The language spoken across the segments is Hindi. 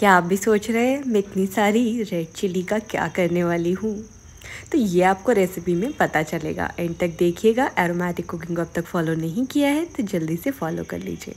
क्या आप भी सोच रहे हैं मैं इतनी सारी रेड चिली का क्या करने वाली हूँ तो ये आपको रेसिपी में पता चलेगा एंड तक देखिएगा एरोमेटिक कुकिंग को अब तक फॉलो नहीं किया है तो जल्दी से फॉलो कर लीजिए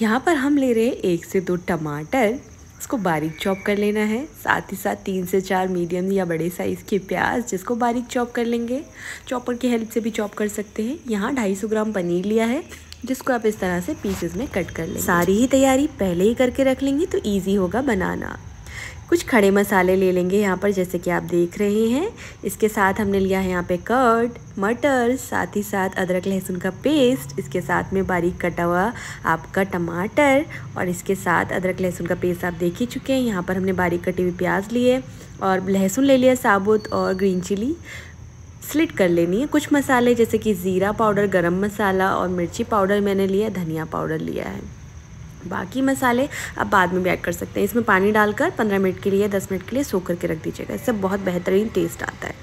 यहाँ पर हम ले रहे हैं एक से दो टमाटर उसको बारीक चॉप कर लेना है साथ ही साथ तीन से चार मीडियम या बड़े साइज़ के प्याज जिसको बारीक चॉप कर लेंगे चॉपर की हेल्प से भी चॉप कर सकते हैं यहाँ सौ ग्राम पनीर लिया है जिसको आप इस तरह से पीसेस में कट कर लें सारी ही तैयारी पहले ही करके रख लेंगे तो ईजी होगा बनाना कुछ खड़े मसाले ले लेंगे यहाँ पर जैसे कि आप देख रहे हैं इसके साथ हमने लिया है यहाँ पे कर्ड मटर साथ ही साथ अदरक लहसुन का पेस्ट इसके साथ में बारीक कटा हुआ आपका टमाटर और इसके साथ अदरक लहसुन का पेस्ट आप देख ही चुके हैं यहाँ पर हमने बारीक कटी हुई प्याज लिए और लहसुन ले लिया साबुत और ग्रीन चिली स्लिट कर लेनी है कुछ मसाले जैसे कि ज़ीरा पाउडर गरम मसाला और मिर्ची पाउडर मैंने लिया धनिया पाउडर लिया है बाकी मसाले आप बाद में भी ऐड कर सकते हैं इसमें पानी डालकर 15 मिनट के लिए 10 मिनट के लिए सो करके रख दीजिएगा इससे बहुत बेहतरीन टेस्ट आता है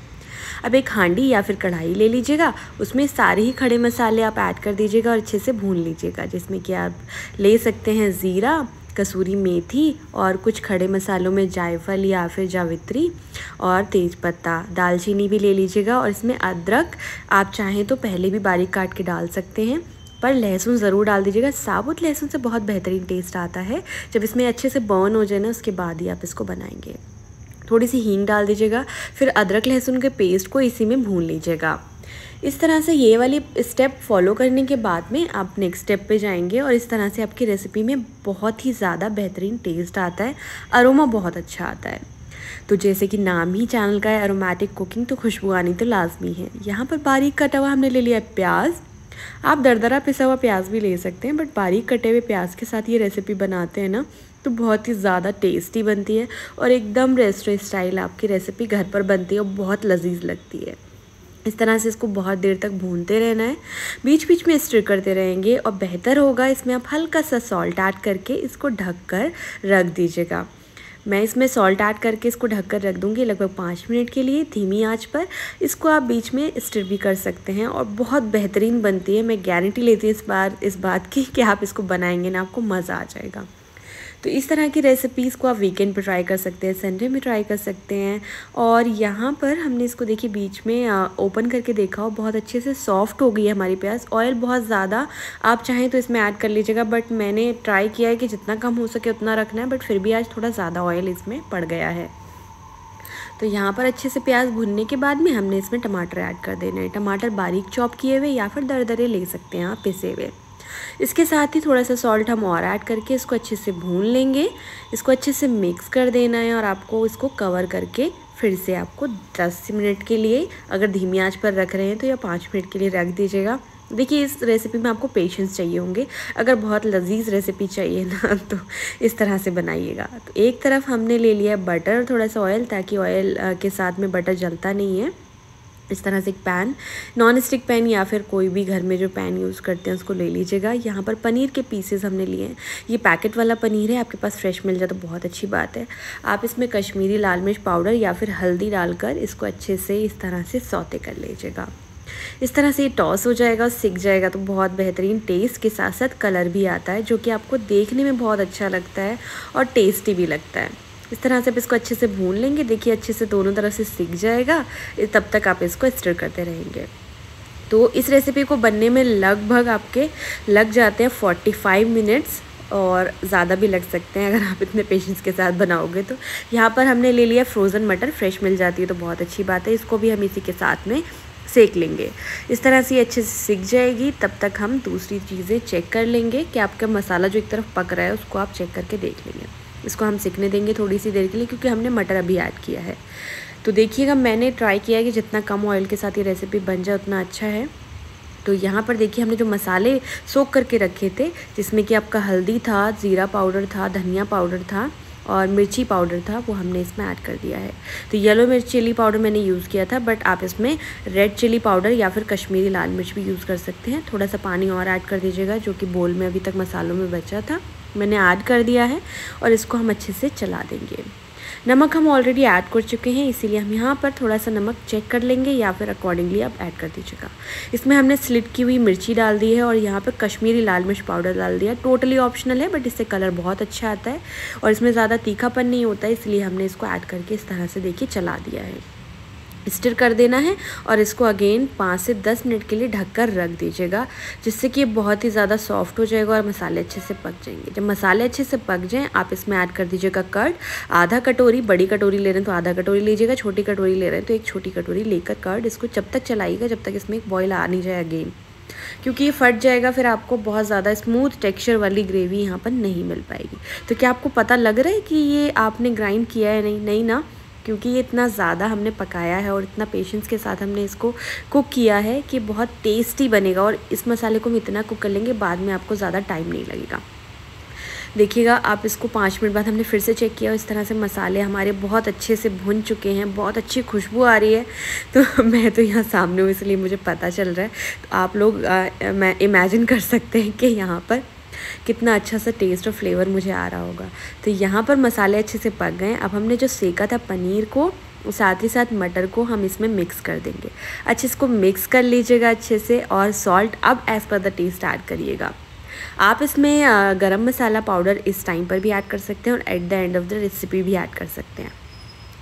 अब एक हांडी या फिर कढ़ाई ले लीजिएगा उसमें सारे ही खड़े मसाले आप ऐड कर दीजिएगा और अच्छे से भून लीजिएगा जिसमें कि आप ले सकते हैं ज़ीरा कसूरी मेथी और कुछ खड़े मसालों में जायफल या फिर जावित्री और तेज़पत्ता दालचीनी भी ले लीजिएगा और इसमें अदरक आप चाहें तो पहले भी बारीक काट के डाल सकते हैं पर लहसुन ज़रूर डाल दीजिएगा साबुत लहसुन से बहुत बेहतरीन टेस्ट आता है जब इसमें अच्छे से बर्न हो जाए ना उसके बाद ही आप इसको बनाएंगे थोड़ी सी हींग डाल दीजिएगा फिर अदरक लहसुन के पेस्ट को इसी में भून लीजिएगा इस तरह से ये वाली स्टेप फॉलो करने के बाद में आप नेक्स्ट स्टेप पे जाएंगे और इस तरह से आपकी रेसिपी में बहुत ही ज़्यादा बेहतरीन टेस्ट आता है अरोमा बहुत अच्छा आता है तो जैसे कि नाम ही चैनल का है अरोमेटिक कुकिंग तो खुशबू आनी तो लाजमी है यहाँ पर बारीक कटा हुआ हमने ले लिया प्याज आप दरदरा पिसा हुआ प्याज भी ले सकते हैं बट बारीक कटे हुए प्याज के साथ ये रेसिपी बनाते हैं ना तो बहुत ही ज़्यादा टेस्टी बनती है और एकदम रेस्टोरेंट स्टाइल आपकी रेसिपी घर पर बनती है और बहुत लजीज लगती है इस तरह से इसको बहुत देर तक भूनते रहना है बीच बीच में स्टिर करते रहेंगे और बेहतर होगा इसमें आप हल्का सा सॉल्ट ऐड करके इसको ढक कर रख दीजिएगा मैं इसमें सॉल्ट ऐड करके इसको ढककर रख दूंगी लगभग पाँच मिनट के लिए धीमी आंच पर इसको आप बीच में स्टिर भी कर सकते हैं और बहुत बेहतरीन बनती है मैं गारंटी लेती हूँ इस बार इस बात की कि आप इसको बनाएंगे ना आपको मज़ा आ जाएगा तो इस तरह की रेसिपीज़ को आप वीकेंड पर ट्राई कर सकते हैं संडे में ट्राई कर सकते हैं और यहाँ पर हमने इसको देखिए बीच में ओपन करके देखा हो बहुत अच्छे से सॉफ्ट हो गई है हमारी प्याज ऑयल बहुत ज़्यादा आप चाहें तो इसमें ऐड कर लीजिएगा बट मैंने ट्राई किया है कि जितना कम हो सके उतना रखना है बट फिर भी आज थोड़ा ज़्यादा ऑयल इसमें पड़ गया है तो यहाँ पर अच्छे से प्याज भुनने के बाद में हमने इसमें टमाटर ऐड कर देने हैं टमाटर बारीक चॉप किए हुए या फिर दरदरे ले सकते हैं आप पिसे हुए इसके साथ ही थोड़ा सा सॉल्ट हम और ऐड करके इसको अच्छे से भून लेंगे इसको अच्छे से मिक्स कर देना है और आपको इसको कवर करके फिर से आपको 10 मिनट के लिए अगर धीमी आंच पर रख रहे हैं तो या पाँच मिनट के लिए रख दीजिएगा देखिए इस रेसिपी में आपको पेशेंस चाहिए होंगे अगर बहुत लजीज रेसिपी चाहिए ना तो इस तरह से बनाइएगा तो एक तरफ हमने ले लिया बटर थोड़ा सा ऑयल ताकि ऑयल के साथ में बटर जलता नहीं है इस तरह से एक पैन नॉन स्टिक पैन या फिर कोई भी घर में जो पैन यूज़ करते हैं उसको ले लीजिएगा यहाँ पर पनीर के पीसेस हमने लिए हैं ये पैकेट वाला पनीर है आपके पास फ्रेश मिल जाए तो बहुत अच्छी बात है आप इसमें कश्मीरी लाल मिर्च पाउडर या फिर हल्दी डालकर इसको अच्छे से इस तरह से सौते कर लीजिएगा इस तरह से ये टॉस हो जाएगा और सिक जाएगा तो बहुत बेहतरीन टेस्ट के साथ साथ कलर भी आता है जो कि आपको देखने में बहुत अच्छा लगता है और टेस्टी भी लगता है इस तरह से आप इसको अच्छे से भून लेंगे देखिए अच्छे से दोनों तरफ से सीख जाएगा तब तक आप इसको स्टर करते रहेंगे तो इस रेसिपी को बनने में लगभग आपके लग जाते हैं 45 मिनट्स और ज़्यादा भी लग सकते हैं अगर आप इतने पेशेंस के साथ बनाओगे तो यहाँ पर हमने ले लिया फ्रोज़न मटर फ्रेश मिल जाती है तो बहुत अच्छी बात है इसको भी हम इसी के साथ में सेक लेंगे इस तरह से ये अच्छे से सीख जाएगी तब तक हम दूसरी चीज़ें चेक कर लेंगे कि आपका मसाला जो एक तरफ पक रहा है उसको आप चेक करके देख लेंगे इसको हम सीखने देंगे थोड़ी सी देर के लिए क्योंकि हमने मटर अभी ऐड किया है तो देखिएगा मैंने ट्राई किया है कि जितना कम ऑयल के साथ ये रेसिपी बन जाए उतना अच्छा है तो यहाँ पर देखिए हमने जो मसाले सोख करके रखे थे जिसमें कि आपका हल्दी था ज़ीरा पाउडर था धनिया पाउडर था और मिर्ची पाउडर था वो हमने इसमें ऐड कर दिया है तो येलो मिर्च चिली पाउडर मैंने यूज़ किया था बट आप इसमें रेड चिली पाउडर या फिर कश्मीरी लाल मिर्च भी यूज़ कर सकते हैं थोड़ा सा पानी और ऐड कर दीजिएगा जो कि बोल में अभी तक मसालों में बचा था मैंने ऐड कर दिया है और इसको हम अच्छे से चला देंगे नमक हम ऑलरेडी ऐड कर चुके हैं इसीलिए हम यहाँ पर थोड़ा सा नमक चेक कर लेंगे या फिर अकॉर्डिंगली आप ऐड कर दीजिएगा इसमें हमने स्लिट की हुई मिर्ची डाल दी है और यहाँ पर कश्मीरी लाल मिर्च पाउडर डाल दिया टोटली ऑप्शनल है बट इससे कलर बहुत अच्छा आता है और इसमें ज़्यादा तीखापन नहीं होता इसलिए हमने इसको ऐड करके इस तरह से देखिए चला दिया है स्टिर कर देना है और इसको अगेन पाँच से दस मिनट के लिए ढककर रख दीजिएगा जिससे कि ये बहुत ही ज़्यादा सॉफ्ट हो जाएगा और मसाले अच्छे से पक जाएंगे जब मसाले अच्छे से पक जाएँ आप इसमें ऐड कर दीजिएगा कर्ड आधा कटोरी बड़ी कटोरी ले रहे हैं तो आधा कटोरी लीजिएगा छोटी कटोरी ले रहे हैं तो एक छोटी कटोरी लेकर कर्ड इसको जब तक चलाइएगा जब तक इसमें एक बॉयल आ नहीं जाए अगेन क्योंकि ये फट जाएगा फिर आपको बहुत ज़्यादा स्मूथ टेक्सचर वाली ग्रेवी यहाँ पर नहीं मिल पाएगी तो क्या आपको पता लग रहा है कि ये आपने ग्राइंड किया है नहीं नहीं ना क्योंकि ये इतना ज़्यादा हमने पकाया है और इतना पेशेंस के साथ हमने इसको कुक किया है कि बहुत टेस्टी बनेगा और इस मसाले को हम इतना कुक कर लेंगे बाद में आपको ज़्यादा टाइम नहीं लगेगा देखिएगा आप इसको पाँच मिनट बाद हमने फिर से चेक किया और इस तरह से मसाले हमारे बहुत अच्छे से भुन चुके हैं बहुत अच्छी खुशबू आ रही है तो मैं तो यहाँ सामने हूँ इसलिए मुझे पता चल रहा है तो आप लोग आ, मैं इमेजिन कर सकते हैं कि यहाँ पर कितना अच्छा सा टेस्ट और फ्लेवर मुझे आ रहा होगा तो यहाँ पर मसाले अच्छे से पक गए अब हमने जो सेका था पनीर को साथ ही साथ मटर को हम इसमें मिक्स कर देंगे अच्छे इसको मिक्स कर लीजिएगा अच्छे से और सॉल्ट अब as per the taste add करिएगा आप इसमें गरम मसाला पाउडर इस टाइम पर भी ऐड कर सकते हैं और at the end of the recipe भी ऐड कर सकते हैं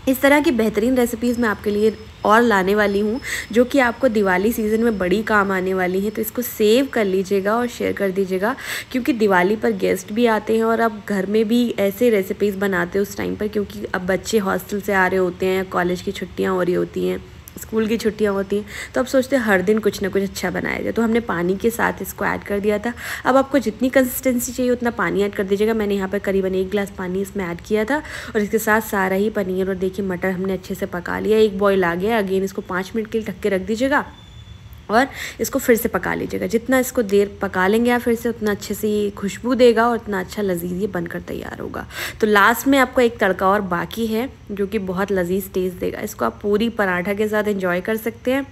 इस तरह की बेहतरीन रेसिपीज़ मैं आपके लिए और लाने वाली हूँ जो कि आपको दिवाली सीज़न में बड़ी काम आने वाली है तो इसको सेव कर लीजिएगा और शेयर कर दीजिएगा क्योंकि दिवाली पर गेस्ट भी आते हैं और आप घर में भी ऐसे रेसिपीज़ बनाते हैं उस टाइम पर क्योंकि अब बच्चे हॉस्टल से आ रहे होते हैं कॉलेज की छुट्टियाँ हो रही होती हैं स्कूल की छुट्टियाँ होती हैं तो आप सोचते हैं हर दिन कुछ ना कुछ अच्छा बनाया जाए तो हमने पानी के साथ इसको ऐड कर दिया था अब आपको जितनी कंसिस्टेंसी चाहिए उतना पानी ऐड कर दीजिएगा मैंने यहाँ पर करीबन एक गिलास पानी इसमें ऐड किया था और इसके साथ सारा ही पनीर और देखिए मटर हमने अच्छे से पका लिया एक बॉयल आ गया अगेन इसको पाँच मिनट के लिए ढक के रख दीजिएगा और इसको फिर से पका लीजिएगा जितना इसको देर पका लेंगे आप फिर से उतना अच्छे से ये खुशबू देगा और उतना अच्छा लजीज ये बनकर तैयार होगा तो लास्ट में आपको एक तड़का और बाकी है जो कि बहुत लजीज टेस्ट देगा इसको आप पूरी पराठा के साथ इंजॉय कर सकते हैं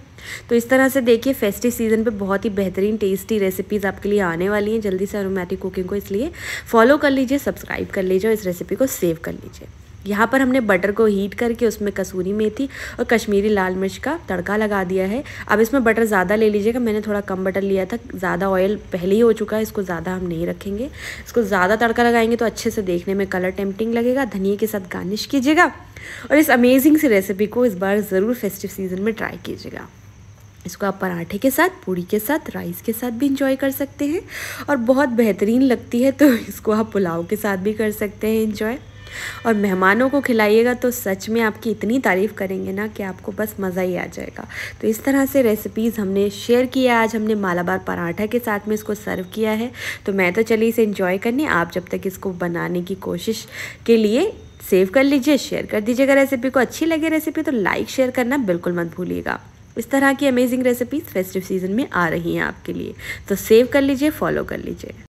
तो इस तरह से देखिए फेस्टिव सीज़न पे बहुत ही बेहतरीन टेस्टी रेसिपीज़ आपके लिए आने वाली हैं जल्दी से अरोमेटिक कुकिंग को इसलिए फॉलो कर लीजिए सब्सक्राइब कर लीजिए और इस रेसिपी को सेव कर लीजिए यहाँ पर हमने बटर को हीट करके उसमें कसूरी मेथी और कश्मीरी लाल मिर्च का तड़का लगा दिया है अब इसमें बटर ज़्यादा ले लीजिएगा मैंने थोड़ा कम बटर लिया था ज़्यादा ऑयल पहले ही हो चुका है इसको ज़्यादा हम नहीं रखेंगे इसको ज़्यादा तड़का लगाएंगे तो अच्छे से देखने में कलर टेम्पटिंग लगेगा धनिए के साथ गार्निश कीजिएगा और इस अमेजिंग सी रेसिपी को इस बार ज़रूर फेस्टिव सीज़न में ट्राई कीजिएगा इसको आप पराठे के साथ पूड़ी के साथ राइस के साथ भी इंजॉय कर सकते हैं और बहुत बेहतरीन लगती है तो इसको आप पुलाव के साथ भी कर सकते हैं इंजॉय और मेहमानों को खिलाइएगा तो सच में आपकी इतनी तारीफ़ करेंगे ना कि आपको बस मज़ा ही आ जाएगा तो इस तरह से रेसिपीज़ हमने शेयर किया आज हमने मालाबार पराठा के साथ में इसको सर्व किया है तो मैं तो चलिए इसे इन्जॉय करने आप जब तक इसको बनाने की कोशिश के लिए सेव कर लीजिए शेयर कर दीजिएगा रेसिपी को अच्छी लगे रेसिपी तो लाइक शेयर करना बिल्कुल मत भूलिएगा इस तरह की अमेजिंग रेसिपीज़ फेस्टिव सीज़न में आ रही हैं आपके लिए तो सेव कर लीजिए फॉलो कर लीजिए